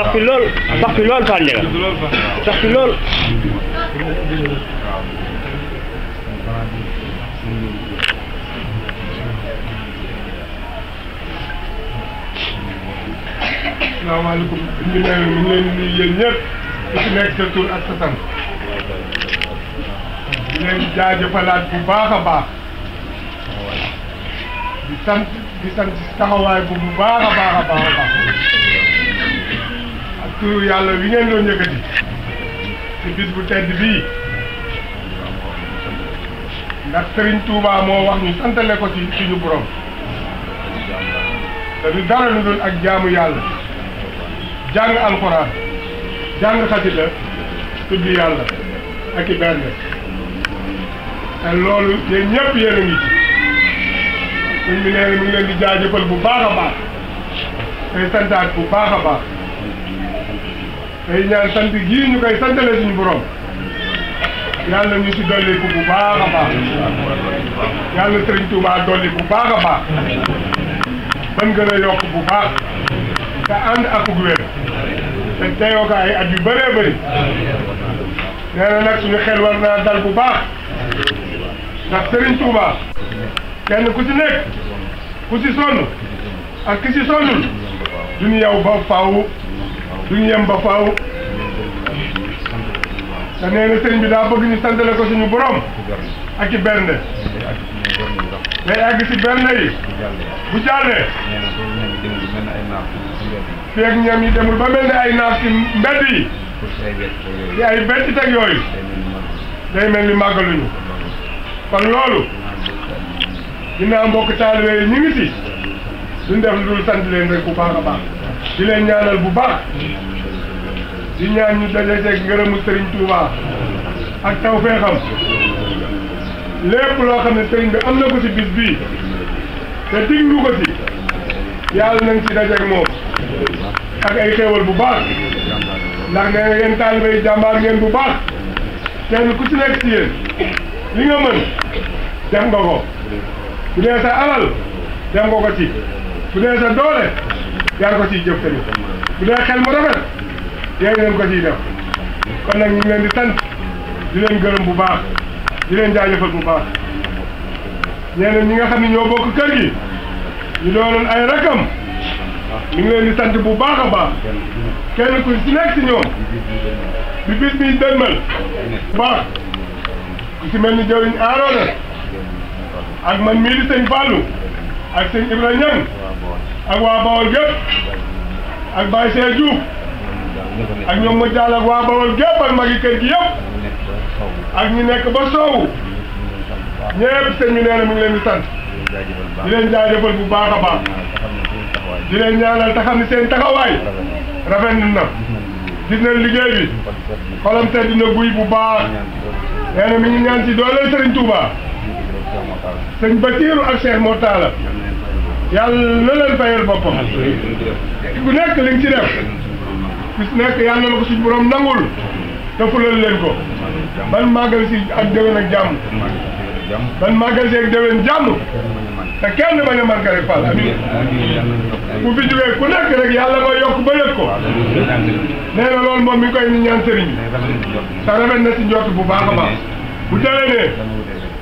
sax fi lool sax fi lool Fane Ndiaga sax fi lool. asalaamaaleykum ñu ngi leen ñu ngi leen nuyu yéen ñëpp ku ci nekk sa tur ak sa sant di leen jaajëfalaat bu baax a baax di sant di sant taxawaay bu baax a baax a baax a baax. turu yàlla wi ngeen doon yëkkati ci bis bu tedd bii ndax Serigne Touba moo wax ñu santale ko ci suñu borom te du dara lu dul ak jaamu yàlla jàng alxuraan jàng xasida tudd yàlla ak i benn te loolu yéen ñëpp yéen a ngi ci mu ngi leen di jaajëfal bu baax a baax santaat bu baax baax tey ñaan sant gii ñu koy santale suñu borom yàlla ñu ci dolli ko bu baax a baax yàlla sëriñ Touba dolli bu baax a baax ban gën a yokk bu baax te ànd akuk wér te ay at yu bëree bëri nee na nag suñu xel war naa dal bu baax ndax sëriñ Touba kenn ku ci nekk ku ci sonn ak ki ci sonnul duñu yow ba faaw ñu yem ba faaw te bi daa bëgg ñu santale ko suñu borom ak ci bernde day àgg ci bernde yi bu jàllee feeg ñam yi demul ba mel ay naaf ci mbedd yi ci ay teg yooyu day mel ni màggaluñu kon loolu dinaa mbokk taalibe yi ñu ngi ci duñ lu dul sant leen rek bu a di leen ñaanal bu baax di ñaan ñu dajeeg ngërëmu sëriñ Touba ak taw fee xam lépp loo bi am ko ci bis bii te dig ko ci yàlla nañ ci dajeeg moom ak ay xéewal bu baax ndax ngeen bu baax kenn ku ci ci li nga mën nga ko bu dee sa alal def nga ko ci bu dee sa doole. yaa ko ci jëf tamit bu dee xel mu rafet yaa leen ko ciy def kon nag ngi leen di sant di leen gërëm bu baax di leen jaajëfal bu baax ñeneen ñi nga xam ne ñoo bokk kër gi ñu doonoon ay rakam ñu ngi leen di sant bu baax a baax kenn ku ci nekk ci ñoom bi bis bi dënmal baax ku ci mel ni jëriñ aaroona ak man mii di sëñ Fallou ak sëñ Ibrahima Niang ak waa Bawol gépp ak Baye Seye ak ñoom mu daal ak waa Bawol gépp ak magi kër gi ak ñu nekk ba sow ñëpp sëñ bi nee na mi ngi leen di sant di leen jaajëfal bu baax a baax di leen ñaanal te seen taxawaay rafet na gis nañ liggéey bi xolam guy bu baax nee na mi ngi ñaan ci dooleel Serigne Touba sëñ Basiiru ak Cheikh Moutala. yàlla na leen fayal boppam ku nekk li nga ci def bis nekk yàlla na ko suñu borom nangul te fulal leen ko ban màggal si ak déwén ak jàmm ban màggal si ak déwén jàmm te kenn bañ a mën ka rek Fall amiin bu fi jógee ku nekk rek yàlla ma yokk ba yëg ko nee na loolu moom mi ngi koy ñaan sëriñ bi te rafet si njort bu baax a baax bu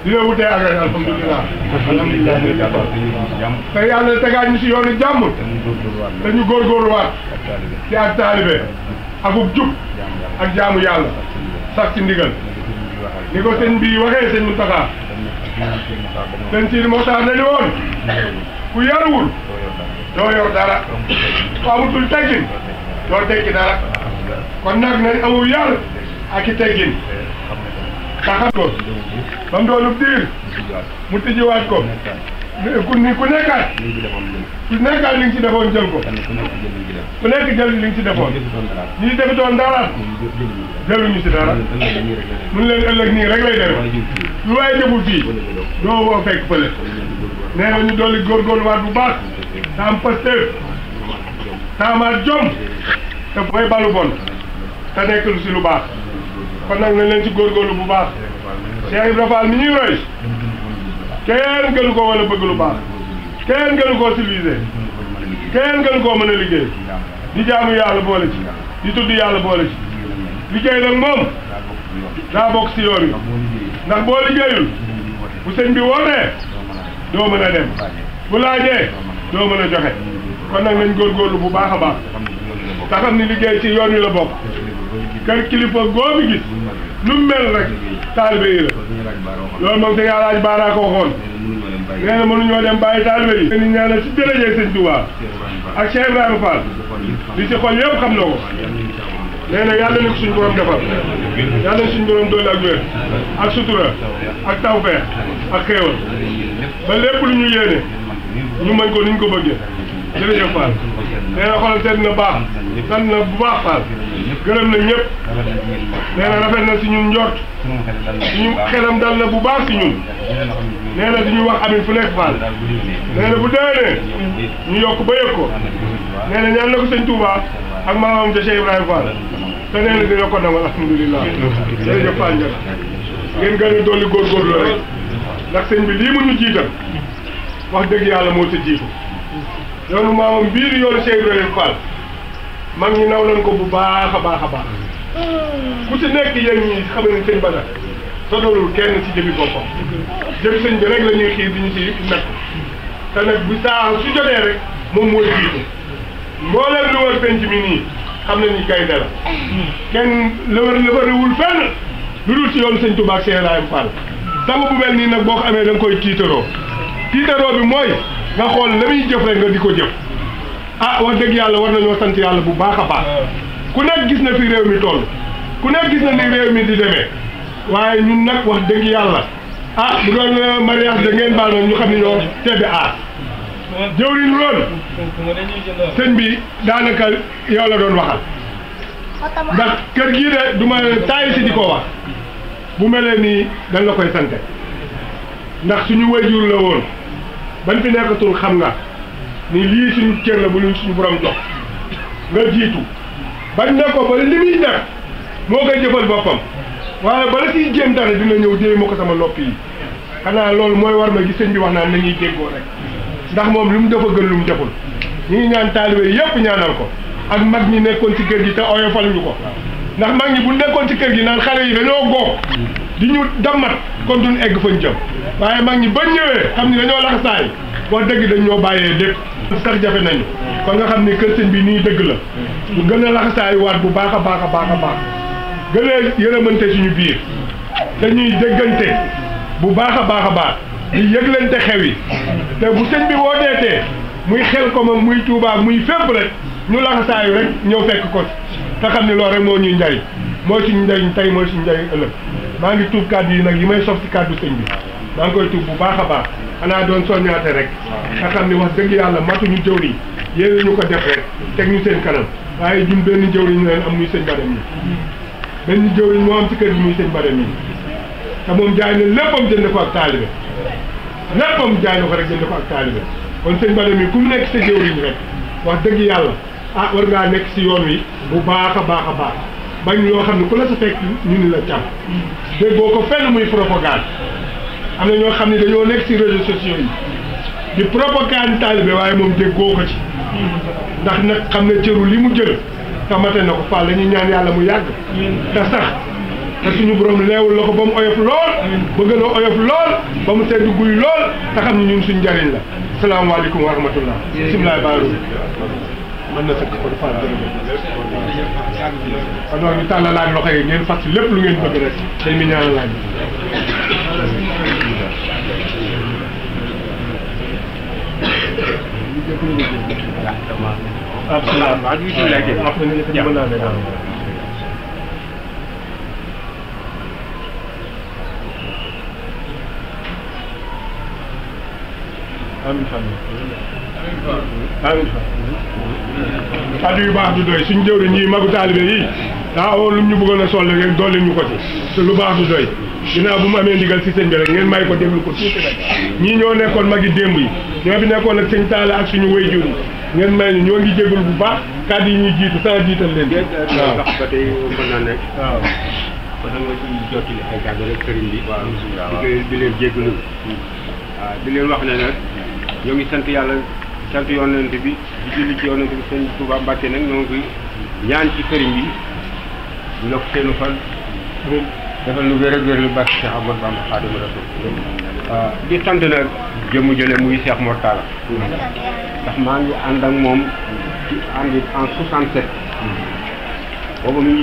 dina wutee ak ay alhamdulilah. alhamdulilah te yàlla tegaat ñu si yoonu jàmm. te ñu góorgóorluwaat. ci ak taalibe akub jub. ak jaamu yàlla. sax ci ni ko sëñ bi waxee sëñ Moustapha. sëñ Sidi Moustapha dañu woon. ku yaruwul. doo yor dara. ku amutul teggin. doo tekki dara. kon nag nañ amul yar. ak i teggin. taxal ko ba mu doonub diir mu tijjiwaat ko ku ni ku nekkaat ku nekkaat li nga ci defoon jël ko ku nekk jël li nga ci defoon ñi defitoon dara jëluñu ci dara mun leen ëllëg nii rek lay def lu waaye jëful fii doo woo fekk fële nee na ñu dolli góorgóorluwaat bu baax te am pasteur te amaat jom te booy balu bon te nekk lu si lu baax kon nag nañ leen ci góor góorlu bu baax Cheikh Ibra Fall mi ñuy roy kenn gënu koo mën a bëgg lu baax kenn gënu koo civilisé kenn gënu koo mën a liggéey di jaamu yàlla boole ci di tudd yàlla boole ci liggéey nag moom daa bokk si yoon wi ndax boo liggéeyul bu sëñ bi wootee doo mën a dem bu laajee doo mën a joxe kon nag nañ góorgóorlu bu baax a baax te xam ni liggéey ci yoon wi la bokk kër kilifa góobi gis lu mu mel rek taalibe yi la loolu moom sëñ Alaaji Baara ko waxoon nee na mënuñoo dem bàyyi taalibe yi ni ñaanal ci dërëjee sëñ Tuubaa ak Cheikh Ibrahima Fall li ci xol yëpp xam na ko nee na yàlla ni ko suñ borom defal yàlla ni suñ borom doole ak wér ak sutura ak ak xéewal ba lépp lu ñu yéene ñu mën ko ni ñu ko bëggee jërëjëf Fall nee na xolam na baax sant na bu baax gërëm na ñëpp. nee na rafet na si ñun njort. suñu xelam dal na bu baax si ñun. nee na suñu wax amin fu nekk faal. nee na bu déwénee ñu yokk ba yëg ko. nee na ñaan na ko sëñ Touba ak maamam ja Cheikh Ibrahima Fall. te nee na dina ko nangal alhamdulilah. jërëjëf Fall Ndiaye. ngeen gën a dolli góorgóorlu rek. ndax sëñ bi lii mu ñu jiital. wax dëgg yàlla moo ci jiitu. yoonu maamam biir yoonu Cheikh Ibrahima Fall. mag ñi naw ko bu baax a baax a baax ku ci nekk yéen ñi xam ne sëñ Bada sonalul kenn ci jëmi boppam jëmi sëñ bi rek la ñuy xiir di ñu ci nekk te nag bu saa su jotee rek moom mooy jiitu mbooleem lu war penc mi nii xam ne ni gaynde la kenn lëwër lëwërewul fenn lu dul ci yoon sëñ Tuubaa ak Seex Ibrahima Fall bu mel nii nag boo ko amee da nga koy tiitaroo tiitaroo bi mooy nga xool la muy jëf rek nga di ko jëf ah wax dëgg yàlla war nañoo sant yàlla bu baax ah. ku nekk gis na fi réew mi toll ku nekk gis na ni réew mi di demee waaye ñun nag wax dëgg yàlla ah bu doon euh, mariage da ngeen baal ñu xam ne ñoo tedd aar jëwriñ loolu sëñ bi daanaka yow la doon waxal ndax kër gii de du ma taay di ko wax bu melee nii dañ la koy sante ndax suñu wayjur la woon ban nekkatul xam nga ni lii suñu cër la bu ñu suñu borom jox nga jiitu bañ ne ko ba li muy def moo koy jëfal boppam waaye bala siy jéem dara dina ñëw déey ma ko sama noppi yi xanaa loolu mooy war ma gi sëñ bi wax naan nañuy déggoo rek ndax moom lu mu dafa gën lu mu deful ñu ngi ñaan taalibe yépp ñaanal ko ak mag ñi nekkoon ci kër gi te oyofal ñu ko ndax mag ñi bu nekkoon ci kër gi naan xale yi dañoo góob di ñu dammat kon duñ egg fañ jëm waaye mag ñi ba ñëwee xam ni dañoo laxasaay wax dëgg dañ ñoo bàyyee lépp sax jafe nañu kon nga xam ni kër bi nii dëgg la ñu gën a laxasaay waat bu baax a baax a baax a baax gën a yërëmante suñu biir ñuy dëggante bu baax a baax a baax di yëglante xew yi te bu sëñ bi woo wooteetee muy xel ko moom muy Tuubaa muy fépp rek ñu laxasaayu rek ñëw fekk ko te xam ne loolu rek moo ñuy njariñ mooy suñu njariñ tey moo suñu njariñ ëllëg maa ngi tuub kàddu yi nag yi may sof ci kàddu sëñ bi maa ngi koy tuub bu baax a baax xanaa doon soññaate rek nga xam ni wax dëgg yàlla matuñu jëwriñ yéen ñu ko def rek teg ñu seen kanam waaye jun benn ñu leen am muy sëñ Badam yi benn jëwriñ moo am ci kër gi muy sëñ Badam yi te moom jaay na léppam jënd ko ak taalibe léppam jaay na ko rek jënd ko ak taalibe kon sëñ Badam yi ku mu nekk sa jëwriñ rek wax dëgg yàlla ah war ngaa nekk si yoon wi bu baax a baax a bañ yoo xam ne ku la sa fekk ñu ni la càmm déggoo ko fenn muy propagande am na ñoo xam ne dañoo nekk ci réseaux sociaux yi di propagande taalibe waaye moom déggoo ko ci ndax nag xam ne cëru li mu jël te mate na ko Fall dañuy ñaan yàlla mu yàgg te sax te suñu borom leewul la ko ba mu oyof lool bëgg na oyof lool ba mu sedd guy lool te xam ne ñun suñ njariñ la salaamaaleykum wa rahmatullah bisimilah baaru mën na sëkk kon Fall jërëjëf kon ñu tàllalaat loxo yi ngeen lu ngeen amiin kaddu yu baax du doy suñ jëwriñ ñii magu taalibe yi daa oo lu ñu bëggoon a sol rek dolli ñu ko ci lu baax du doy ginnaaw bu mu amee ndigal si sëñ bi ngeen may ko déglu ko tuuti rek ñii ñoo nekkoon magi démb yi ñoo fi nekkoon ak sëñ Talla ak suñu wayjur yi ngeen may ni ñoo ngi jégalu bu baax kaddu yi ñuy jiitu saa jiital leen waaw ba tey mën naa nekk waaw kon nag ci jottali ay kàddu di leen jégalu hmm. waaw ngi sant yàlla sant yonent bi di julli ci yonent bi sëñ Touba nag ñoo ngi ñaan ci sëriñ bi bu yokk seenu defal nu wér ak lu baax Cheikh Ahmadou Bamba Khadimou Rassoul ah, di sant nag jëmu jële muy Cheikh mu ngi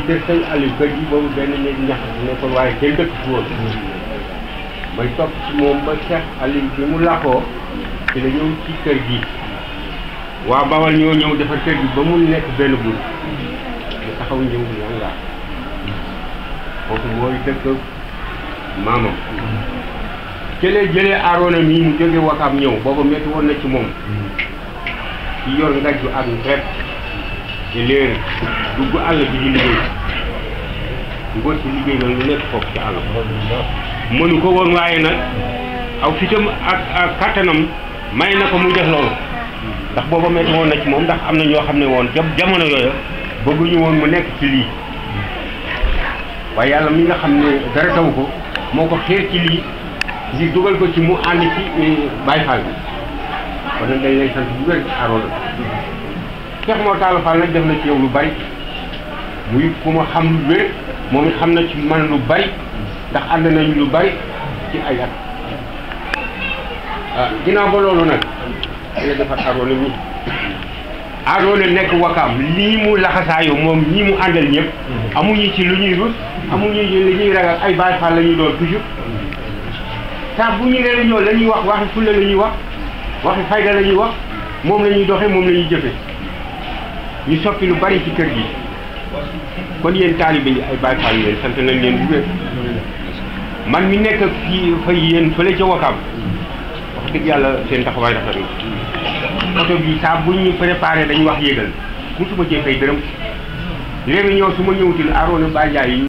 kër sëñ Aliou kër gi boobu benn néeg ñax nekkoon waaye kenn dëkk may topp moom ba Cheikh Aliou bi mu làqoo ci la ñëw ci kër gi waa Bawal ñoo ñëw dafa kër ba mu nekk benn buur ñu taxaw ñëw ñangaar kooku mooy dëkk maamam jëlee jëlee Aroona mii mu jóge Wakaam ñëw booba métti woon na ci moom ci yor ngajju ak rek di léer dugg àll bi di liggéey ngoot ci liggéey nag lu nekk foofu ci àll mënu ko woon waaye nag aw fitam ak ak kattanam may na ko mu def loolu ndax booba metti woon na ci moom ndax am na ñoo xam ne woon jamono yooya ñu woon mu nekk ci lii waaye yàlla mi nga xam ne dara taw ko moo ko xeer ci lii di dugal ko ci mu ànd ci Baay Faal bi kon nag dañ lay sant bu wér Aroona nag def na ci yow lu bari muy ku ma xam lu wér moom it xam na ci man lu bari ndax ànd nañu lu bari ci ay at ah ginnaaw ba loolu nag yàlla defar Aroona mi Aroona nekk wakaam lii mu laxasaayu moom ñii mu àndal ñëpp mhm. amuñu ci lu ñuy rus amuñu ci ñuy ragal ay Baay Faal la ñuy doon toujours mhm. saa bu ñu réunion la ñuy wax waxi fulla la ñuy wax waxi fayda la ñuy wax moom lañuy doxe moom la ñuy jëfe ñu soppi lu bari ci kër gi kon yéen taalibe yi ay Baay Faal leen sant nañ leen bu wér mhm. man mi nekk fii fa yéen fële ca wakaam wax dëgg yàlla seen taxawaay rafet na oto bi saa buñ ñu préparé dañu wax yéegal musuma cee fay dërëm léegi ñëw su ma ñëwutin aroona ba njaay yi